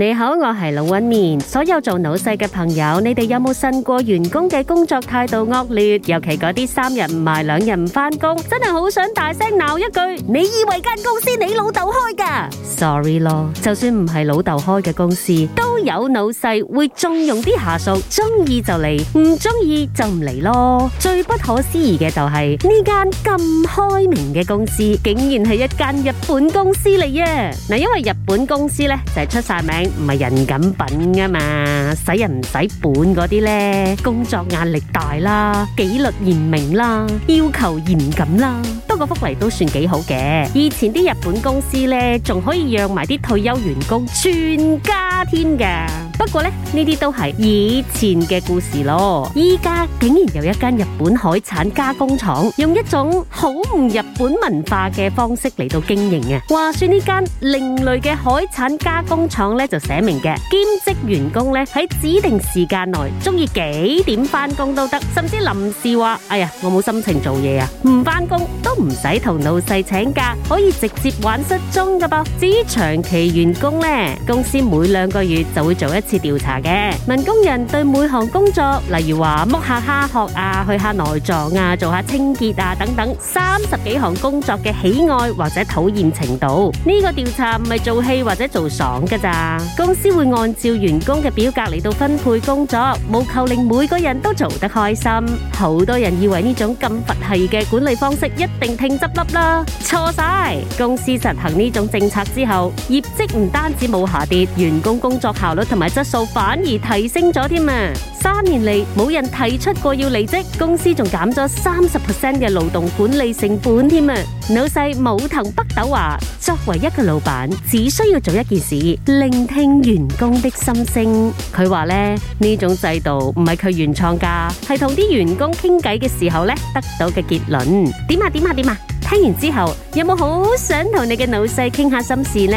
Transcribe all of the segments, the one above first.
你好，我係老紋敏。所有做老細嘅朋友，你哋有冇信過員工嘅工作態度惡劣？尤其嗰啲三日唔埋，兩日唔返工，真係好想大聲鬧一句：你以為間公司你老豆開噶？Sorry 咯，就算唔係老豆開嘅公司，都有老細會縱容啲下屬，中意就嚟，唔中意就唔嚟咯。最不可思議嘅就係、是、呢間咁開明嘅公司，竟然係一間日本公司嚟啊！嗱，因為日本公司咧就係出晒名。唔係人咁品噶嘛，使人唔使本嗰啲咧，工作壓力大啦，紀律嚴明啦，要求嚴謹啦，不過福利都算幾好嘅。以前啲日本公司呢，仲可以讓埋啲退休員工全家添嘅。不過呢，呢啲都係以前嘅故事咯。依家竟然有一間日本海產加工廠，用一種好唔日本文化嘅方式嚟到經營嘅。話說呢間另類嘅海產加工廠呢，就寫明嘅兼職員工呢，喺指定時間內，中意幾點返工都得，甚至臨時話哎呀我冇心情做嘢啊，唔返工都唔使同老細請假，可以直接玩失蹤㗎噃。至於長期員工呢，公司每兩個月就會做一次。次調查嘅民工人對每項工作，例如話剝下蝦殼啊、去下內臟啊、做下清潔啊等等，三十幾項工作嘅喜愛或者討厭程度。呢個調查唔係做戲或者做爽噶咋，公司會按照員工嘅表格嚟到分配工作，務求令每個人都做得開心。好多人以為呢種咁佛系嘅管理方式一定聽執笠啦，錯晒！公司實行呢種政策之後，業績唔單止冇下跌，員工工作效率同埋。質素反而提升咗添啊！三年嚟冇人提出過要離職，公司仲減咗三十 percent 嘅勞動管理成本添啊！老細武藤北斗話：，作為一個老闆，只需要做一件事，聆聽員工的心聲。佢話咧，呢種制度唔係佢原創噶，係同啲員工傾偈嘅時候得到嘅結論。點啊點啊點啊！聽完之後有冇好想同你嘅老細傾下心事呢？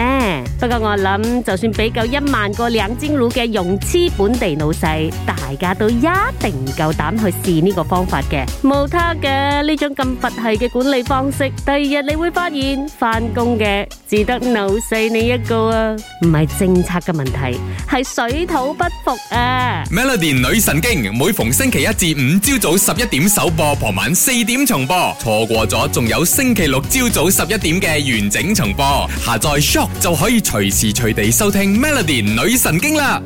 不過我諗就算俾夠一萬個兩煎爐嘅融資本地老細，大家都一定唔夠膽去試呢個方法嘅，冇他嘅呢種咁佛系嘅管理方式。第二日你會發現，返工嘅只得老細你一個啊，唔係政策嘅問題，係水土不服啊。Melody 女神經，每逢星期一至五朝早十一點首播，傍晚四點重播，錯過咗仲有。星期六朝早十一點嘅完整重播，下載 Shock 就可以隨時隨地收聽 Melody 女神經啦。